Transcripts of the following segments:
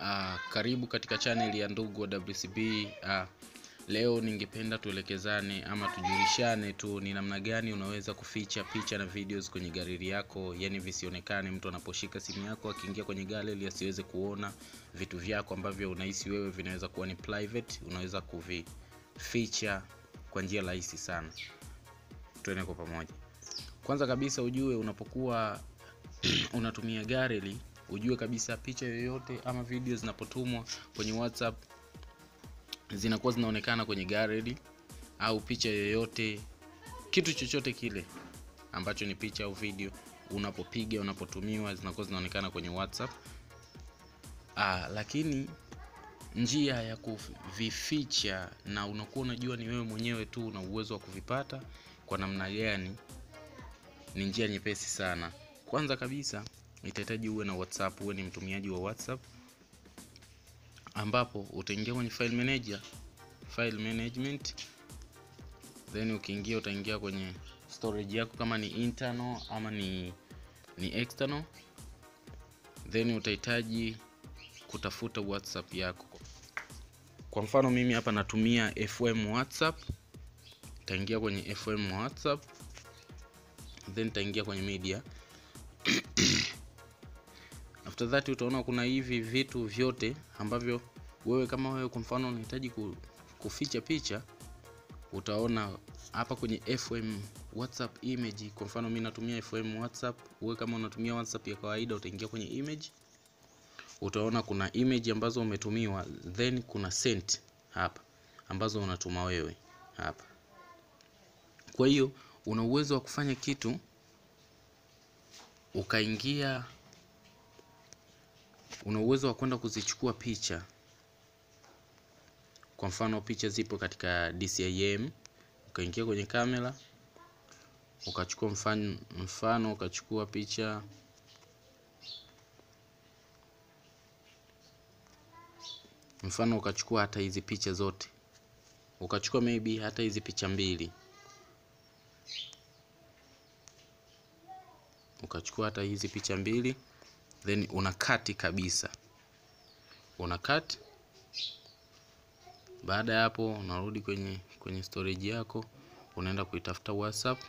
Uh, karibu katika channel ya ndugu wa WCB. Uh, ah, leo ningependa tuelekezane ama tujulishane tu ni namna gani unaweza kuficha picha na videos kwenye gallery yako, yani visionekane mtu anaposhika simu yako akiingia kwenye gallery asiweze kuona vitu vyako ambavyo unahisi wewe vinaweza kuwa ni private, unaweza kuvificha kwa njia rahisi sana. Tuende kwa pamoja. Kwanza kabisa ujue unapokuwa unatumia gallery ujue kabisa picha yoyote ama video zinapotumwa kwenye whatsapp zinakuwa zinaonekana kwenye gallery au picha yoyote kitu chochote kile ambacho ni picha au video unapopiga unapotumiwa zinakuwa zinaonekana kwenye whatsapp Aa, ah, lakini njia ya kuvificha na unakuwa unajua ni wewe mwenyewe tu una uwezo wa kuvipata kwa namna gani ni njia nyepesi sana kwanza kabisa itahitaji uwe na whatsapp uwe ni mtumiaji wa whatsapp ambapo utaingia kwenye file manager file management then ukiingia utaingia kwenye storage yako kama ni internal ama ni, ni external then utahitaji kutafuta whatsapp yako kwa mfano mimi hapa natumia fm whatsapp taingia kwenye fm whatsapp then taingia kwenye media after that utaona kuna hivi vitu vyote ambavyo wewe kama wewe kwa mfano unahitaji kuficha picha utaona hapa kwenye fm whatsapp image kwa mfano mi natumia fm whatsapp wewe kama unatumia whatsapp ya kawaida utaingia kwenye image utaona kuna image ambazo umetumiwa then kuna sent hapa ambazo unatuma wewe hapa kwa hiyo una uwezo wa kufanya kitu ukaingia una uwezo wa kwenda kuzichukua picha. Kwa mfano picha zipo katika DCIM, ukaingia kwenye kamera ukachukua mfano, mfano ukachukua picha mfano ukachukua hata hizi picha zote, ukachukua maybe hata hizi picha mbili, ukachukua hata hizi picha mbili then unakati kabisa, unakati. Baada ya hapo, unarudi kwenye kwenye storage yako, unaenda kuitafuta WhatsApp,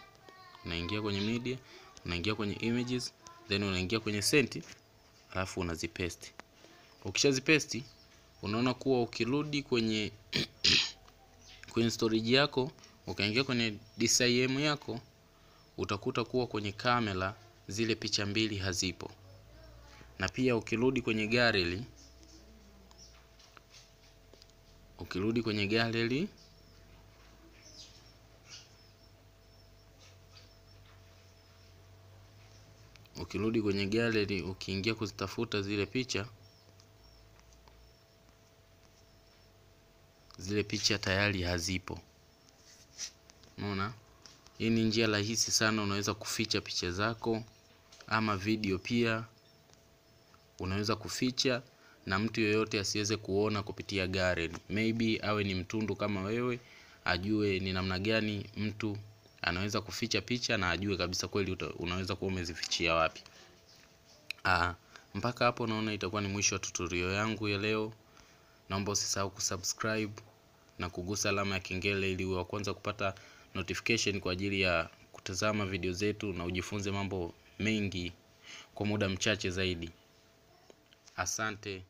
unaingia kwenye media, unaingia kwenye images, then unaingia kwenye sent, alafu unazipaste. Ukishazipaste unaona kuwa ukirudi kwenye kwenye storage yako ukaingia kwenye DCIM yako utakuta kuwa kwenye kamera zile picha mbili hazipo na pia ukirudi kwenye gallery ukirudi kwenye gallery ukirudi kwenye gallery ukiingia kuzitafuta zile picha zile picha tayari hazipo unaona hii ni njia rahisi sana unaweza kuficha picha zako ama video pia unaweza kuficha na mtu yoyote asiweze kuona kupitia gari. Maybe awe ni mtundu kama wewe, ajue ni namna gani mtu anaweza kuficha picha na ajue kabisa kweli unaweza kuwa umezifichia wapi. Ah, mpaka hapo naona itakuwa ni mwisho wa tutorial yangu ya leo. Naomba usisahau kusubscribe na kugusa alama ya kengele ili uwe wa kwanza kupata notification kwa ajili ya kutazama video zetu na ujifunze mambo mengi kwa muda mchache zaidi. Asante.